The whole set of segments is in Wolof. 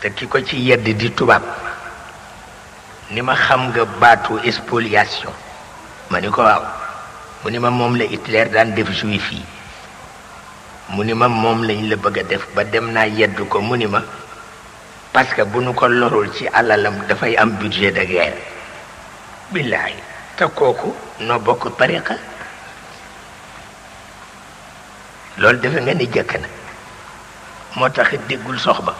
te ki ko ci yedd di tubaab ni ma xam nga baatu spoliation ma ni ko waaw mu ni ma moom la Hitler daan def juif yi mu ni ma moom lañ la bëgg a def ba dem naa yedd ko mu ni ma parce que bu nu ko lorul ci alalam dafay am budget de guerre billaay te kooku noo bokk tariqa loolu defe nga ni jëkk na moo tax déggul sox ba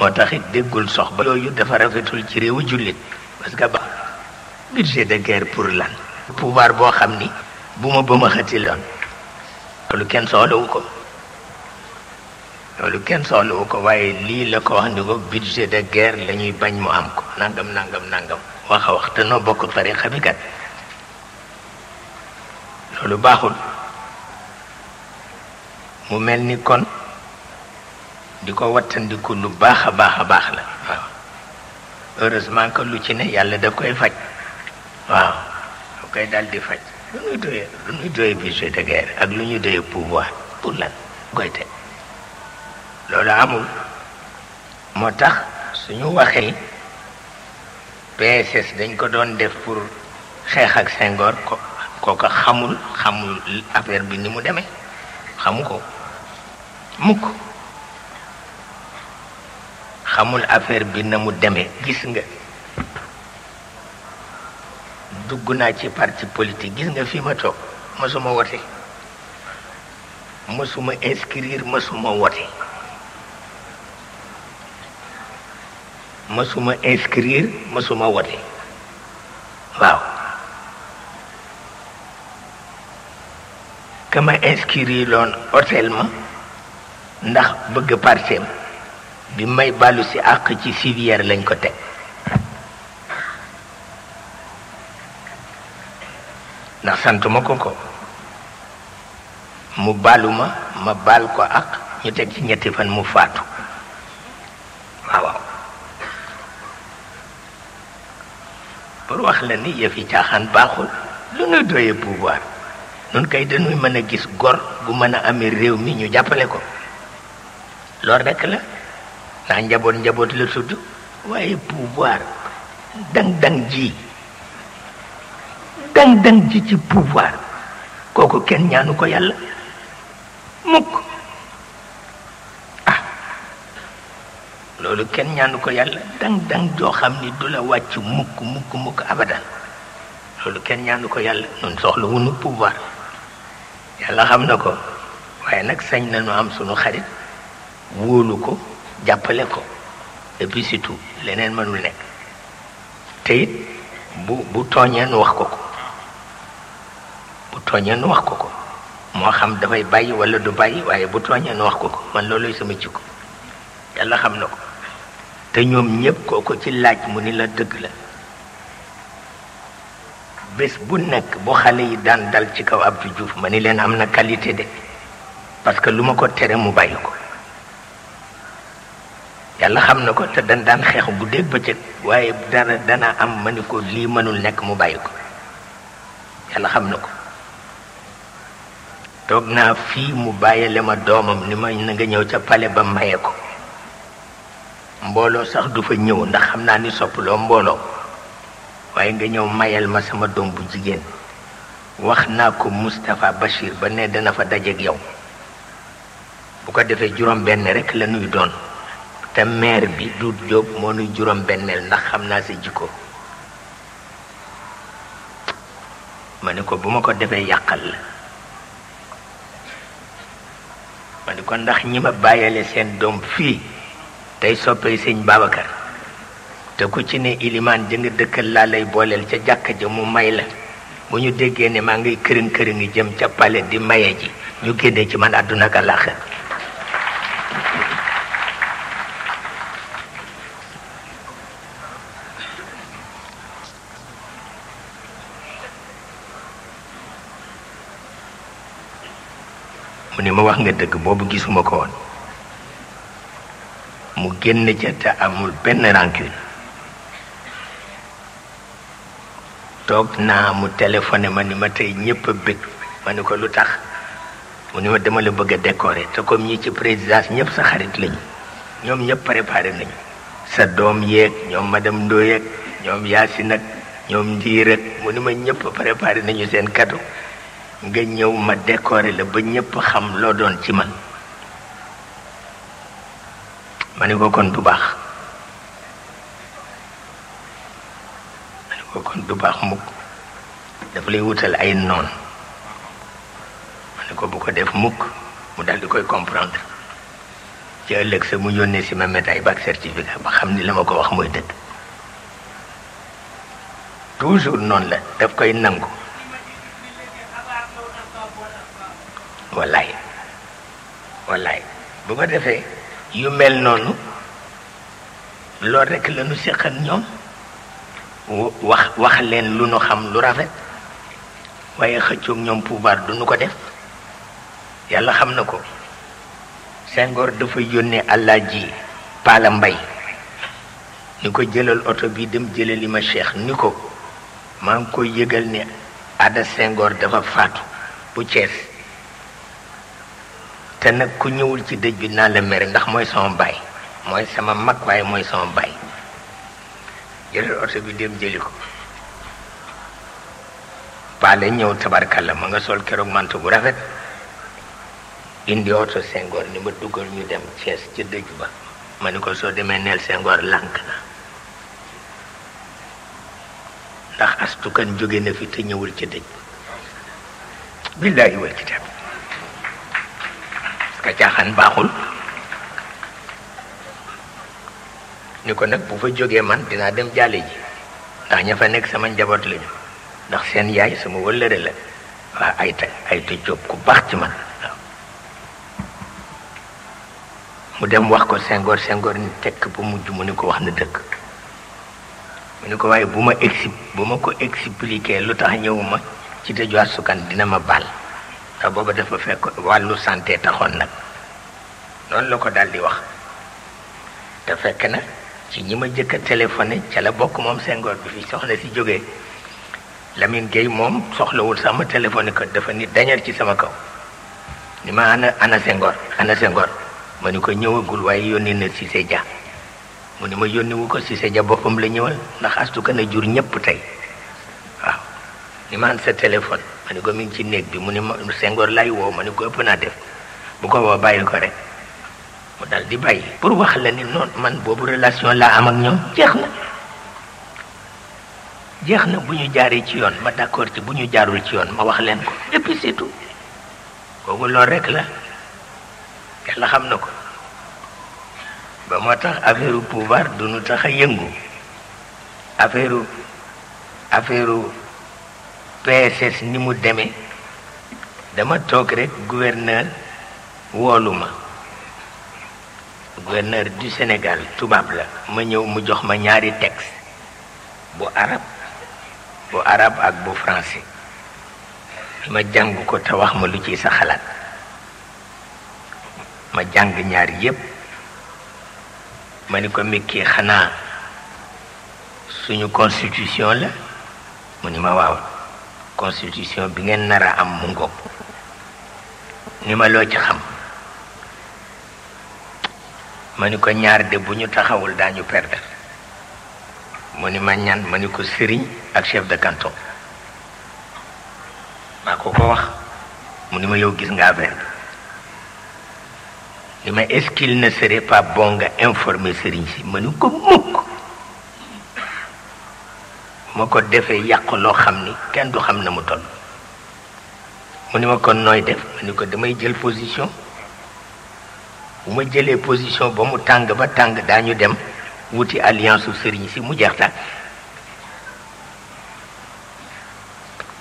moo taxit déggul sox ba yooyu dafa rafetul ci réewu jullit parce que ba budget de guerre pour lan pouvoir boo xam ni bu ma ba ma xëti loon loolu kenn soxlawu ko loolu kenn soxlawu ko waaye lii la ko wax ni ko budget de guerre la ñuy bañ mu am ko nangam nangam nangam wax a wax te noo bokk tariqa bi kat loolu baaxul mu mel ni kon di ko wattandiku lu baax a baax a baax la waaw heureusement que lu ci ne yàlla da koy faj waaw da koy daal di faj lu ñuy doyee lu ñuy doyee budget de guerre ak lu ñu doyee pouvoir pour lan koy teg loolu amul moo tax suñu waxee PSS dañ ko doon def pour xeex ak Senghor ko kooka xamul xamul affaire bi ni mu demee xamu ko mukk xamul affaire bi na mu demee gis nga dugg naa ci parti politique gis nga fi ma toog ma wote mësuma inscrire mësuma wote mësuma inscrire mësuma wote waaw ka ma inscrire loon hôtel ma ndax bëgg parti bi may bàllu si àq ci civière lañ ko teg ndax santuma ko ko mu baalu ma ma bal ko àq ñu teg ci ñetti fan mu faatu waaw pour wax la ni yëfi caaxaan baaxul lu nu doyee pouvoir nun kay dañuy mën a gis gor bu mën a amee réew mi ñu jàppale ko loolu rekk la ndax njaboot njaboot la tudd waaye pouvoir dang-dang ji dang-dang ji ci pouvoir kooku kenn ñaanu ko yàlla mukk ah loolu kenn ñaanu ko yàlla dang-dang joo xam ni du la wàcc mukk mukk mukk abadan loolu kenn ñaanu ko yàlla noonu soxla wunu pouvoir yàlla xam na ko waaye nag sañ na nu am sunu xarit wóolu ko jàppale ko et leneen mënul nekk te it bu bu tooñee nu wax ko ko bu tooñee nu wax ko ko moo xam dafay bàyyi wala du bàyyi waaye bu tooñee nu wax ko ko man looluy sama ko yàlla xam ne ko te ñoom ñëpp ko ci laaj mu ni la dëgg la bés bu nekk bu xale yi daan dal ci kaw Abdou Diouf ma ni leen am na qualité de parce que lu ma ko tere mu bàyyi ko yàlla xam na ko te dan daan xeex guddeeg bëccëg waaye dana dana am ma ni ko lii mënul nekk mu bàyyi ko yàlla xam na ko toog naa fii mu bàyyile ma doomam ni ma na nga ñëw ca pale ba maye ko mbooloo sax du fa ñëw ndax xam naa ni soppaloo mbooloo waaye nga ñëw mayal ma sama doom bu jigéen wax naa ko Moustapha Bachir ba ne dana fa dajeeg yow bu ko defee juróom benn rekk la nuy doon te maire bi Doudou Diop moo nuy juróom benneel ndax xam naa sa jikko ma ni ko bu ma ko defee yàqal la ma ni ndax ñi ma bàyyale seen doom fii tey soppee sëñ Babacar te ku ci ne ilimaan ja dëkkal laa lay booleel ca jàkka ja mu may la bu ñu déggee ne maa ngi këriñ këriñ yi jëm ca pale di maye ji ñu génnee ci man àdduna ak àllaaxira ma wax nga dëkk boobu gisuma ko woon mu génn ca te amul benn rancune toog naa mu téléphoné ma ni ma tey ñëpp a bëgg ma ni ko lu tax mu ni ma demale la bëgg a décorer te comme ñi ci présidence ñëpp sa xarit lañu ñoom ñëpp préparé nañu sa doom yeeg ñoom madame Ndoye ak ñoom Yaasin ñoom Ndiir ak mu ni ma ñëpp préparé nañu seen cadeau nga ñëw ma décorer la ba ñépp xam loo doon ci man ma ni ko kon du baax ma ni ko kon du baax mukk dafa lay wutal ay noon ma ni ko bu ko def mukk mu daal di koy comprendre ci ëllëg sa mu yónnee si ma médaille ba ak certificat ba xam ni la ma ko wax mooy dëgg toujours noon la daf koy nangu bu ko defee yu mel noonu loolu rekk la ñu séq ak ñoom wax wax leen lu nu xam lu rafet waaye xëccoog ñoom pouvoir du nu ko def yàlla xam na ko Senghor dafa yónnee ji Paala Mbay ni ko jëlal oto bi dem jëlali ma Cheikh ni ko maa ngi koy yëgal ne Ada Senghor dafa faatu bu Cees te nag ku ñëwul ci dëj bi naa la mere ndax mooy sama baay mooy sama mag waaye mooy sama baay jëlal oto bi dem jëli ko paale ñëw tabarkalla ma nga sol keroog mantu bu rafet indi oto sengoor ni ma duggal ñu dem Thiès ci dëj ba ma ni ko soo demee neel sengoor lànk na ndax astukan jóge na fi te ñëwul ci dëj ba billaahi wal kitaab que caaxaan baaxul ni ko nag bu fa jógee man dinaa dem jàlle ji ndax ña fa nekk sama njaboot lañu ndax seen yaay sama wëllëre la waaw ay ta ay ta jóob ku baax ci man mu dem wax ko sengoor Senghor ni tekk ba mujj mu ni ko wax na dëkk mu ni ko waaye bu ma expliqué bu ma ko expliqué lu tax ñëwuma ci tëjuwaat sukan dina ma baal te booba dafa fekk wàllu sante taxoon nag noonu la ko daal di wax te fekk na ci ñi ma jëkk a téléphoné ca la bokk moom sengoor bi fi soxla si jógee Lamine Gueye moom soxlawul sama téléphoné ko dafa nit dañar ci sama kaw ni ma ana ana Senghor ana Senghor ma ni ko ñëwagul waaye yónni na si se ja mu ni ma yónniwu ko si se ja boppam la ñëwal ndax astu kan a jur ñëpp tey waaw ni ma an sa téléphone ma ni ko mi ci néeg bi mu ni ma Senghor lay woo ma ni ko ëpp naa def bu ko woo bàyyi ko rek mu daldi bàyyi pour wax la ni noonu man boobu relation laa am ak ñoom jeex na jeex na bu ñu jaaree ci yoon ma d'accord ci bu ñu jaarul ci yoon ma wax leen ko et puis c'est tout kooku loolu rek la yàlla xam na ko ba moo tax affaire pouvoir du nu tax yëngu affaire affaire PSS ni mu demee dama toog rek gouverneur woolu ma gouverneur du Sénégal tubaab la ma ñëw mu jox ma ñaari texte bu arab bu arab ak bu français ma jàng ko te wax ma lu ci sa xalaat ma jàng ñaar yépp ma ni ko mikki xanaa suñu constitution la mu ni ma waaw constitution bi ngeen nar a am mu ngoog ni ma loo ci xam ma ni ko ñaar de bu ñu taxawul daañu perdre mu ni ma ñan ma ni ko sëriñ ak chef de canton maa ko ko wax mu ni ma yow gis nga affaire bi ni ma est-ce qu'il ne serait pas bon nga informer sëriñ si ma ni ko mukk ma ko defee yàq loo xam ni kenn du xam na mu toll mu ni ma kon nooy def ma ni ko damay jël position bu ma jëlee position ba mu tàng ba tàng daañu dem wuti alliance su sëriñ si mu jeex tàkk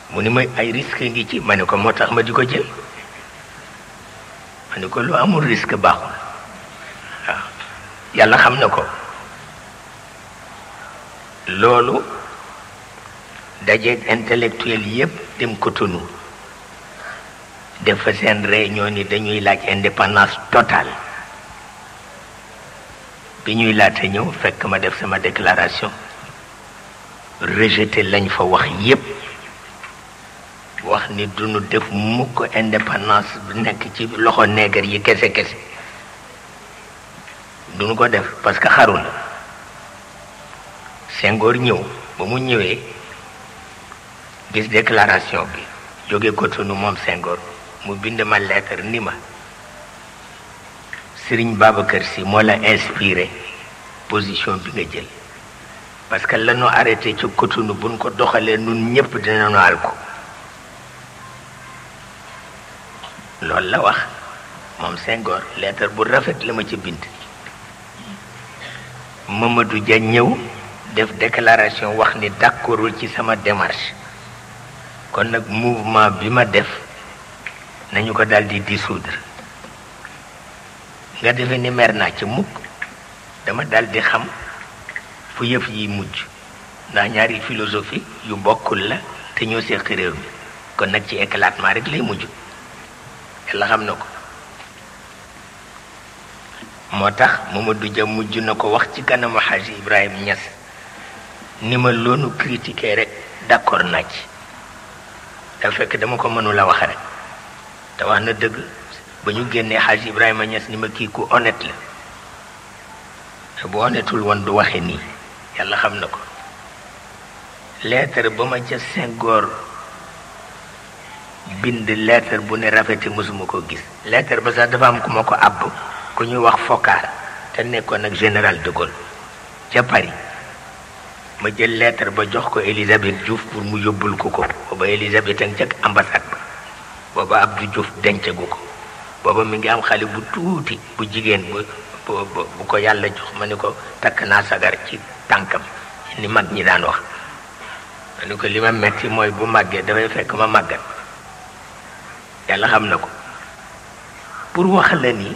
mu ni ma ay risque ngi ci ma ni ko moo tax ma di ko jël ma ni ko lu amul risque baaxul yàlla xam na ko loolu dajeeg intellectuel yépp dem ko tunu fa seen réunion ni dañuy laaj indépendance total bi ñuy laata ñëw fekk ma def sama déclaration rejeté lañu fa wax yépp wax ni duñu def mukk indépendance bu nekk ci loxo néegar yi kese kese duñu ko def parce que xaru la Senghor ñëw ba mu ñëwee gis déclaration bi jóge Cotonou moom Senghor mu bind ma lettre ni ma Serigne Babacar si moo la inspiré position bi nga jël parce que lanu arrêté ci Cotonou buñ ko doxalee nun ñëpp dinañu al ko loolu la wax moom Senghor leetar bu rafet la ma ci bind Mamadou Dia ñëw def déclaration wax ni d'accordul ci sama démarche kon nag mouvement bi ma def nañu ko daldi dissoudre nga defe ni mer naa ci mukk dama daldi xam fu yëf yi mujj ndax ñaari philosophie yu bokkul la te ñëw seq réew mi kon nag ci éclatement rek lay mujj yàlla xam na ko moo tax Mamadou Dia mujj na ko wax ci kanamu Haji Ibrahim Niass ni ma loonu critiquer rek d'accord naa ci dafa fekk dama ko mënula wax rek te wax na dëgg ba ñu génnee xaaj Ibrahima Niass ni ma kii ku honnête la bu honnêtul woon du waxe nii yàlla xam na ko lettre ba ma ca Senghor bind lettre bu ne rafeti mosuma ko gis lettre ba sax dafa am ku ma ko àbb ku ñuy wax Foccart te nekkoon ak général de Gaulle ca Paris ma jël lettre ba jox ko Elisabeth Diouf pour mu yóbbul ko ko booba Elisabeth a ngi ca ba booba Abdou Diouf dencagu ko booba mi ngi am xale bu tuuti bu jigéen bu ko yàlla jox ma ni ko takk naa sagar ci tànkam ni mag ñi daan wax ma ni ko li ma metti mooy bu màggee dafay fekk ma màggat yàlla xam na ko pour wax la ni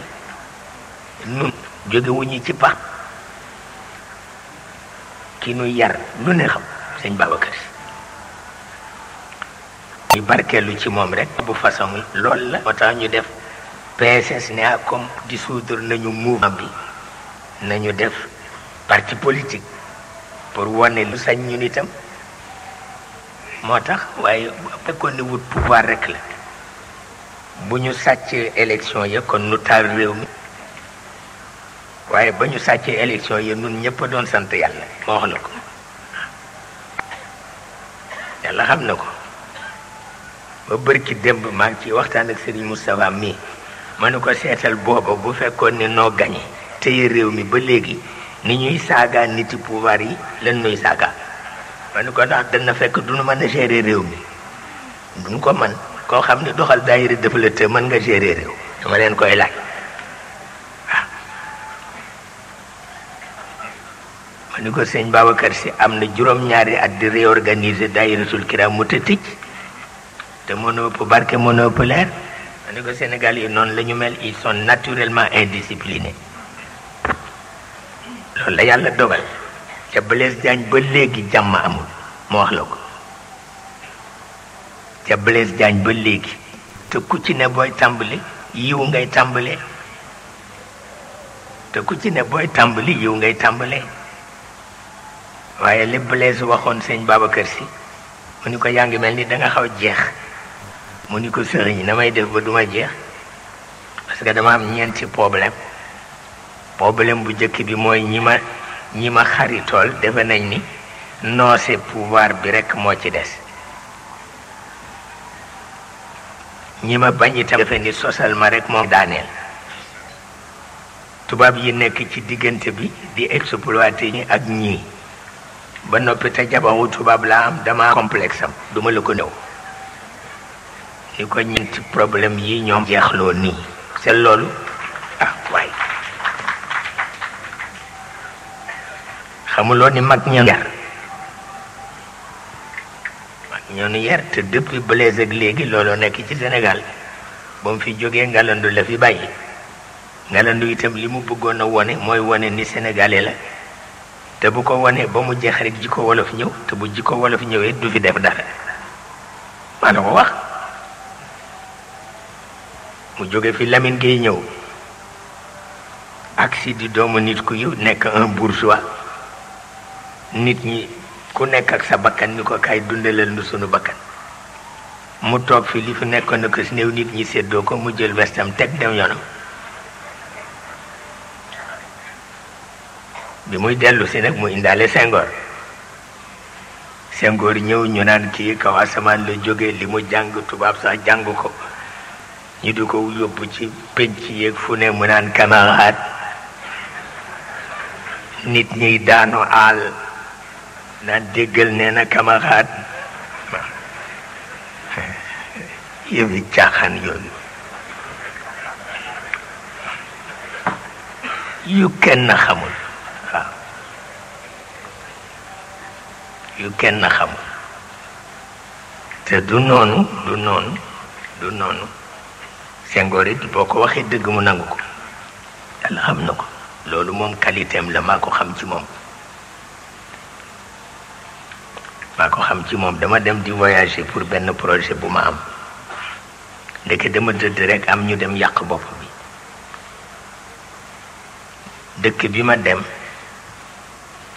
nun jógewuñu ci pax ki nu yar lu ne xam sëñ Babacar si barkeelu ci moom rek bu façon loolu la moo tax ñu def PSS ne a ah, comme dissoudre nañu mouvement bi nañu def parti politique pour wone lu sañ ñu nitam moo tax waaye fekkoon ne wut pouvoir rek la bu ñu sàcc élection ya kon nu réew mi waaye ba ñu sàccee élection yi nun ñëpp a doon sant yàlla ma wax la ko yàlla xam na ko ba bërki démb maa ngi ciy waxtaan ak Serigne Moustapha mii ma ne ko seetal booba bu fekkoon ne noo gañe téye réew mi ba léegi ni ñuy saaga niti pouvoir yi lan nuy saaga ma ne ko ndax dana fekk du nu mën a gérer réew mi duñ ko man koo xam ne doxal daayira dafa la te mën nga gérer réew dama leen koy laaj ma ni ko sëñ Babacar si am na juróom-ñaari at di réorganiser daayiratul kiram mu te tëj te mënoo ëpp barke mënoo ëpp ma ni ko Sénégal yi noonu la mel ils sont naturellement indisciplinés loolu la yàlla dogal te Blaise Diagne ba léegi jàmm amul ma wax la ko te Blaise jaañ ba léegi te ku ci ne booy tàmbali yiw ngay tàmbalee te ku ci ne booy tàmbali yiw ngay tàmbalee waaye li Blaise waxoon sëñ kër si mu ni ko yaa ngi mel ni danga xaw jeex mu ni ko sëriñ na damay def ba duma jeex parce que dama am ñeenti problème problème bu njëkk bi mooy ñi ñi ma xaritool defe nañ ni noose pouvoir rekk moo ci des ñi ma bañ itam defe ni sosal ma rekk moom daaneel tubaab yi nekk ci diggante bi di exploité ñi ak ñii ba noppite te jabawu tubaab laa am dama complexe duma la ko néew ni ko ñeenti problème yi ñoom jeexloo nii c'est loolu ah waaye xamuloo ni mag ñoonu yar mag ñoonu yar te depuis Blaise ak léegi looloo nekk ci Sénégal ba mu fi jógee ngalandu la fi bàyyi ngalandu itam li mu bëggoon a wone mooy wone ni sénégalais la te bu ko wanee ba mu jeex rek jikko wolof ñëw te bu jikko wolof ñëwee du fi def dara maa ko wax mu jóge fi Lamine Gueye ñëw aksi di doomu nit ku nekk un bourgeois nit ñi ku nekk ak sa bakkan ni ko kay dundalal nu sunu bakkan mu toog fi li fi nekkoon na ko néew nit ñi seddoo ko mu jël westam teg dem yoonam bi muy dellu si nag mu indaale Senghor Senghor ñëw ñu naan kii kaw asamaan la jóge li mu jàng tubaab sax jàng ko ñu di ko yóbbu ci penc yeeg fu ne mu naan kamaraat nit ñiy daanu aal naan déggal nee na kamaraat yëfi caaxaan yooyu yu kenn xamul yu kenn xamul te du noonu du noonu du noonu Senghor it boo ko waxee dëgg mu nangu ko yàlla xam na ko loolu moom qualité am la maa ko xam ci moom maa ko xam ci moom dama dem di voyager pour benn projet bu ma am ndeke dama dëdd rek am ñu dem yàq bopp bi dëkk bi ma dem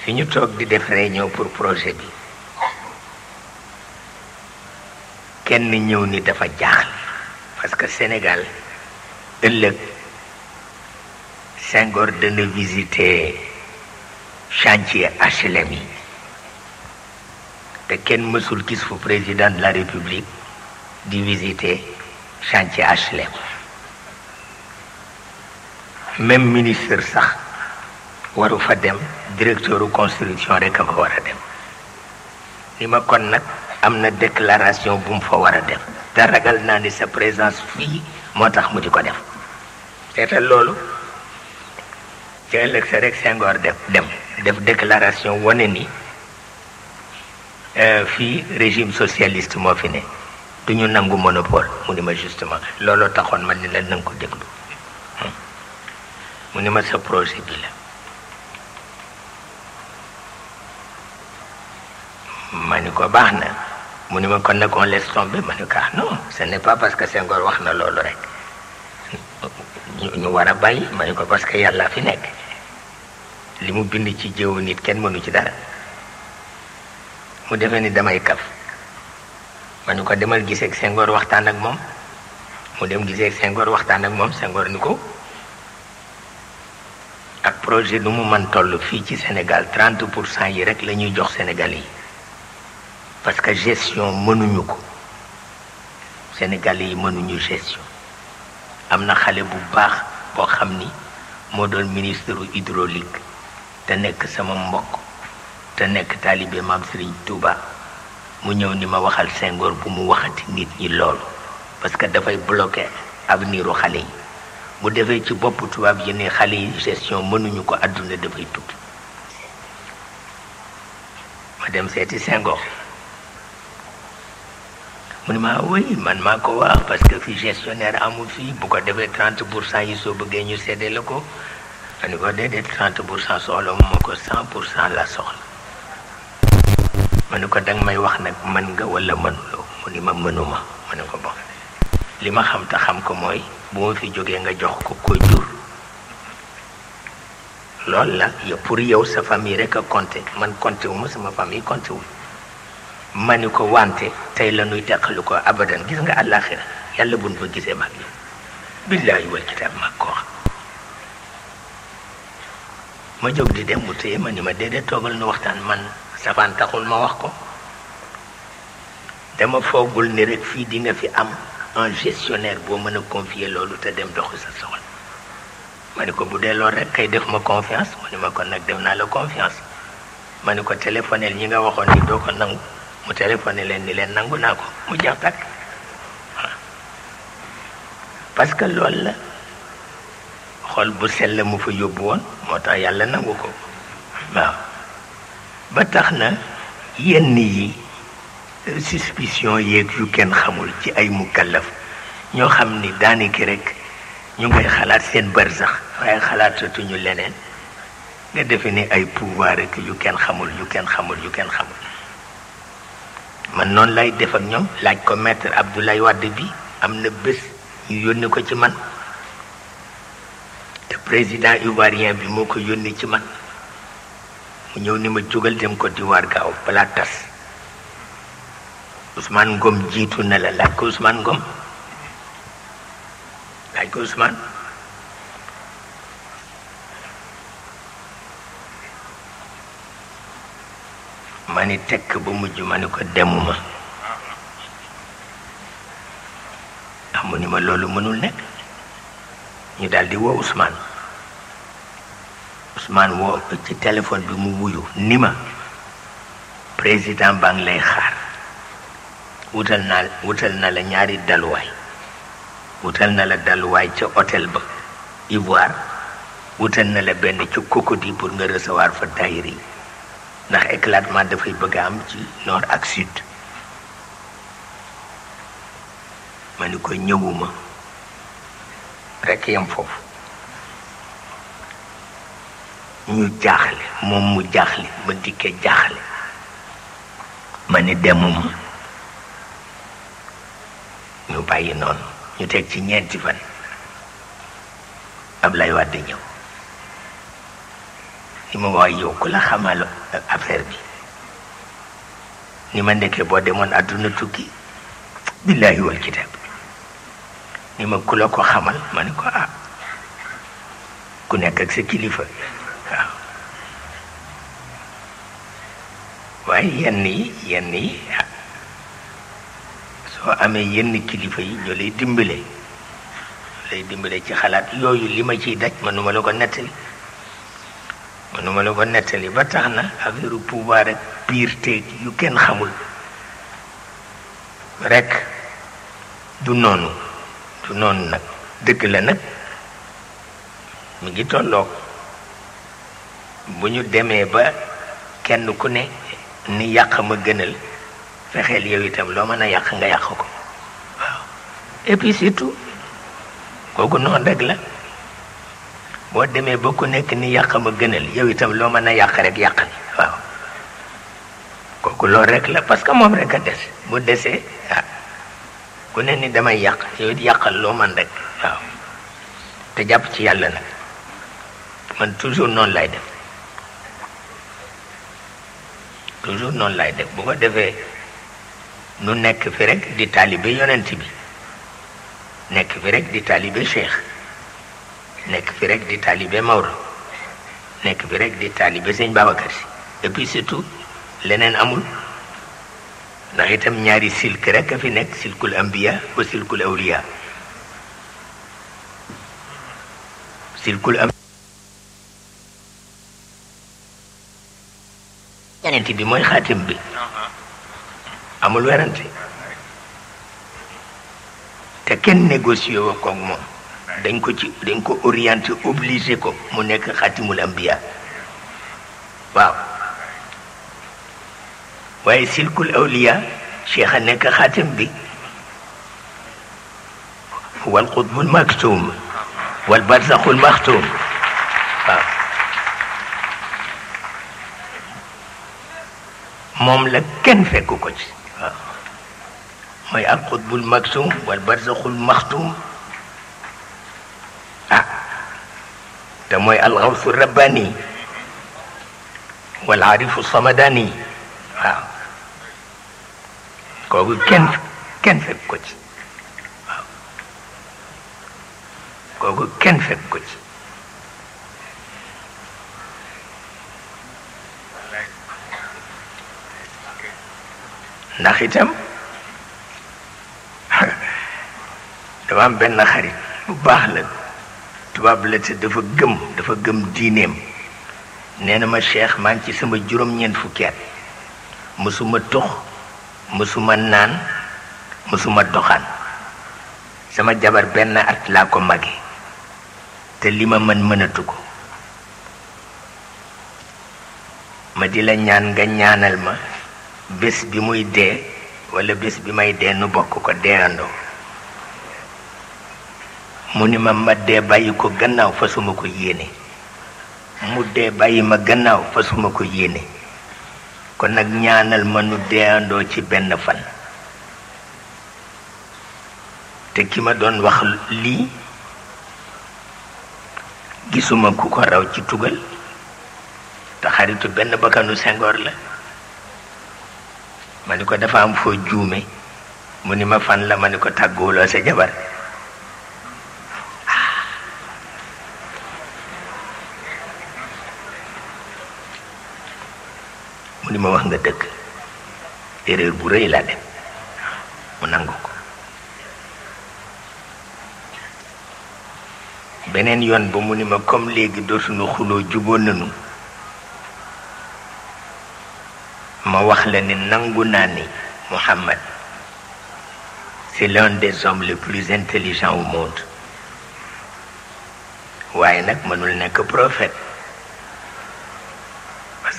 fi ñu toog di def ñëw pour projet bi kenn ñëw ni dafa jaaxle parce que Sénégal ëllëg Senghor dana visiter chantier HLM yi te kenn mësul gis fu président de la République di visiter chantier HLM même ministre sax waru fa dem directeur construction rek a fa war a dem li ma kon nag am na déclaration bu mu fa war a def te ragal naa ni sa présence fii moo tax mu di ko def seetal loolu ci ëllëg sa rek Senghor def dem def déclaration wane ni euh, fii régime socialiste moo fi ne du ñu nangu monopole mu ni ma justement looloo taxoon ma ni la nanga ko déglu hmm. mu ni ma sa projet bi la ma ni ko baax na mu ni ma kon nag on laisse ma ni ko ah non ce n'est pas parce que wax na loolu rek ñu war a bàyyi ma ni ko parce que yàlla fi nekk li mu bind ci jëwu nit kenn mënu ci dara mu defee ni damay kaf ma ni ko demal gisee ak Senghor waxtaan ak moom mu dem gisee ak Senghor waxtaan ak moom sengor ni ko ak projet nu mu mën toll fii ci senegal trente pour cent yi rek la ñuy jox Sénégal yi parce que gestion mënuñu ko Sénégalais yi mënuñu gestion am na xale bu baax boo xam ni moo doon ministre hydraulique te nekk sama mbokk te nekk taalibe maam Serigne Touba mu ñëw ni ma waxal sengoor bu mu waxati nit ñi loolu parce que dafay bloqué avenir u xale yi mu defee ci bopp tubaab yi ne xale yi gestion mënuñu ko àdduna dafay tukki ma dem seeti sengoor mu ne ma oui man maa ko wax parce que fi gestionnaire amul fii bu ko defee 30 pour cent yi soo bëggee ñu seddee la ko ma ne ko déedéet 30 pour cent soxla mu ma ko 100 pour cent la soxla ma ne ko danga may wax nag man nga wala mënuloo mu ni ma mënuma ma ne ko bon li ma xam te xam ko mooy bu ma fi jógee nga jox ko ko jur loolu la pour yow sa famille rek a compté man compté wu ma sama famille compté wu ma ni ko wante tey la ñuy deqalu ko abadan gis nga àllaaxira yàlla buñ fa gisee mag yow billaahi wal kitaab mag koo ma jóg di dem bu téye ma ni ma déedéet toogal nu waxtaan man safaan taxul ma wax ko dama foogul ni rek fii di fi am un gestionnaire boo mën a confier loolu te dem doxu sa soxla ma ni ko bu dee loolu rek kay def ma confiance ma ma kon nag def naa la confiance ma ni ko téléphoneel ñi nga waxoon ni doo ko nangu mu téléphoné leen ni leen nangu naa ko mu jeex tàkk parce que loolu la xol bu sell mu fa yóbbu woon moo tax yàlla nangu ko waaw ba tax na yenn yi suspicion yeeg yu kenn xamul ci ay mukallaf ñoo xam ni daaniki rek ñu ngay xalaat seen bër sax waaye xalaatatuñu leneen nga defe ni ay pouvoir rek yu kenn xamul yu kenn xamul yu kenn xamul man noonu lay def ñoom laaj ko maître Abdoulaye Wade bi am na bés ñu yónnee ko ci man te président ivoirien bi moo ko yónnee ci man mu ñëw ni ma jógal dem Côte d'Ivoire gaaw balaa tas Ousmane Ngom jiitu na la laaj ko Ousmane Ngom laaj ko Ousmane ma ni tekk ba mujj ma ni ko demuma amu ni ma loolu mënul nekk ñu daldi woo Ousmane Ousmane woo ci téléphone bi mu wuyu ni ma président baa ngi lay xaar wutal na la ñaari daluwaay wutal na la daluwaay ca otel ba Ivoire wutal na la benn ci Cocody pour nga recevoir fa daayira yi ndax éclatement dafay bëgg a am ci noor ak sud ma ni ko ñëwuma rekk yam foofu ñu jaaxle moom mu jaaxle ma dikkee jaaxle ma ni demuma ñu bàyyi noonu ñu teg ci ñeenti fan lay Wade ñëw li ma waay yow ku la xamal affaire bi ni ma nekkee boo demoon àdduna tukki billaahi wal kitaab ni ma ku la ko xamal ma ne ko ah ku nekk ak sa kilifa waaw waaye yenn yi yenn yi ah, soo amee yenn kilifa yi ñoo lay dimbale ñoo lay dimbale ci xalaat yooyu li ma ciy daj manuma la ko nettali mënuma la ko nettali ba tax na affaire pouvoir ak pire teeg yu kenn xamul rekk du noonu du noonu nag dëgg la nag mu ngi tolloog bu ñu demee ba kenn ku ne ni yàq ma gënal fexeel yow itam loo mën a yàq nga yàq ko waaw et kooku noonu rek la boo demee ba ku nekk ni yàq ma gënal yow itam loo mën a yàq rek yàqal waaw kooku loolu rek la parce que moom rek a des bu desee ah ku ne ni damay yàq yow it yàqal loo man rek waaw te jàpp ci yàlla nag man toujours noonu lay def toujours noonu lay def bu ko defee nu nekk fi rek di taalibe yonent bi nekk fi rek di taalibe cheikh nekk fi rek di taalibe Maodo nekk fi rek di taalibe sëñ Babacar si et puis surtout leneen amul ndax itam ñaari silk rek a fi nekk silkul ambiya wa silkul awliya silkul am yonent bi mooy xaatim bi amul werante te kenn négocié wa koog moom dañ ko ci dañ ko orienté obligé ko mu nekk xatimul ambiya waaw waaye silkul awliya cheikh a nekk xatim bi wal qutbul maktum wal barzaxul maxtum waaw moom la kenn fekk ko ci waaw mooy al qutbul maktum wal barzaxul maxtum te mooy alxawsu rabbaani wal aarifu samadani waaw kooku kenn kenn fekk ko ci waaw kooku kenn fekk ko ci ndax itam dama am benn xarit bu baax la tubaab la te dafa gëm dafa gëm diineem nee na ma cheikh maa ngi ci sama juróom-ñeent fukki mësuma tux mësuma naan mësuma doxaan sama jabar benn at laa ko mage te li ma mën mënatu ko ma di la ñaan nga ñaanal ma bés bi muy dee walla bés bi may dee nu bokk ko deeyandoo mu ni ma ma dee bàyyi ko gannaaw fasuma ko yéene mu dee bàyyi ma gannaaw fasuma ko yéene kon nag ñaanal ma nu deeyandoo ci benn fan te ki ma doon wax lii gisuma ku ko raw ci tugal te xaritu benn bakkanu sengoor la ma ni ko dafa am foo juume mu ni ma fan la ma ni ko tàgguwuloo sa jabar li ma wax nga dëgg erreur bu rëy laa def mu nangu ko beneen yoon ba mu ni ma comme léegi dootuñu xuloo juboo nanu ma wax la ni nangu naa ni Muhammad c'est l'un des hommes les plus intelligents au monde waaye nag mënul nekk prophète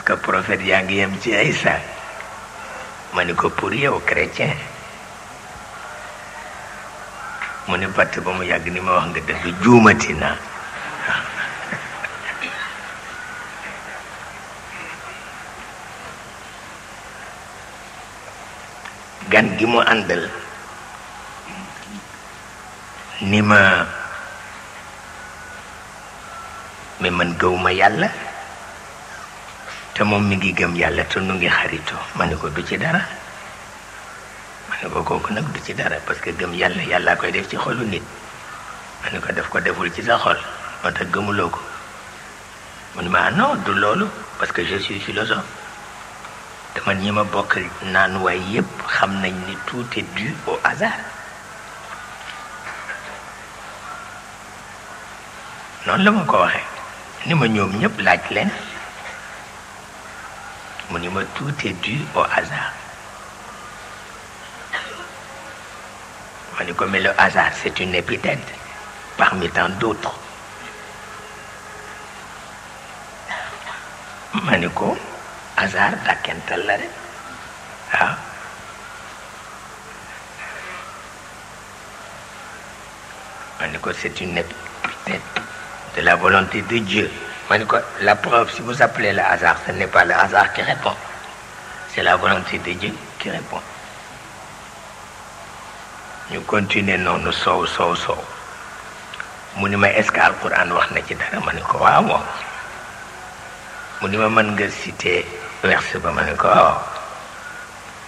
parce que yaa ngi yem ci ay saag ma ni ko pour yow chrétien mu ni patt ba mu yàgg ni ma wax nga dëgg juumati naa gan gi mu àndal ni ma mais man gëwuma yàlla moom mi ngi gëm yàlla te nu ngi xarito ma ne ko du ci dara ma ne ko kooku nag du ci dara parce que gëm yàlla yàllaa koy def ci xolu nit ma ne ko def ko deful ci sa xol gëmuloo ko mu ah du loolu parce que je suis philosophe te man ñi ma xam nañ ni tout est noonu la ma ko waxee ni ma ñoom ñëpp laaj leen mu ni tout est dû au hasard ma ni ko mais le hasard c'est une épithète parmi tant d'autres ma ni ko hasard dàkkental la rek waaw ma ni ko c'est une épithète de la volonté de Dieu ma ni ko la preuve si vous appelez le hasard ce n'est pas hasard qui répond c'est la volonté de Dieu qui répond ñu continuer noonu soow soow soow mu ni ma est-ce que alquran wax na ci dara ma ni ko waaw waaw mu ni ma mën nga citer verset ba ma ni ko waaw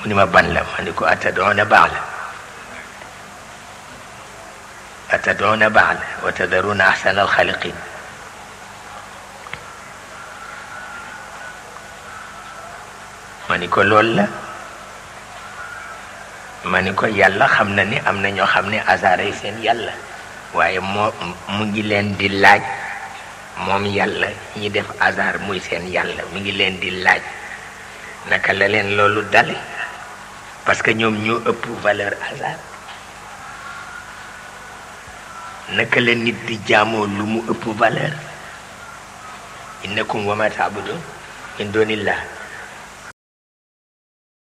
mu ni ma ban la ma ni ko doona baax la atadoona baax la wa tadaruuna ahsana alxaliqin ma ni ko lool la ma ni ko yàlla xam na ni am na ñoo xam ne asaare seen yàlla waaye moo mu ngi leen di laaj moom yàlla ñi def hasard muy seen yàlla mu ngi leen di laaj naka la leen loolu dale parce que ñoom ñoo ëpp valeur hasard naka la nit di jaamoo lu mu ëpp valeur innakum wa ma taabudun min doonillah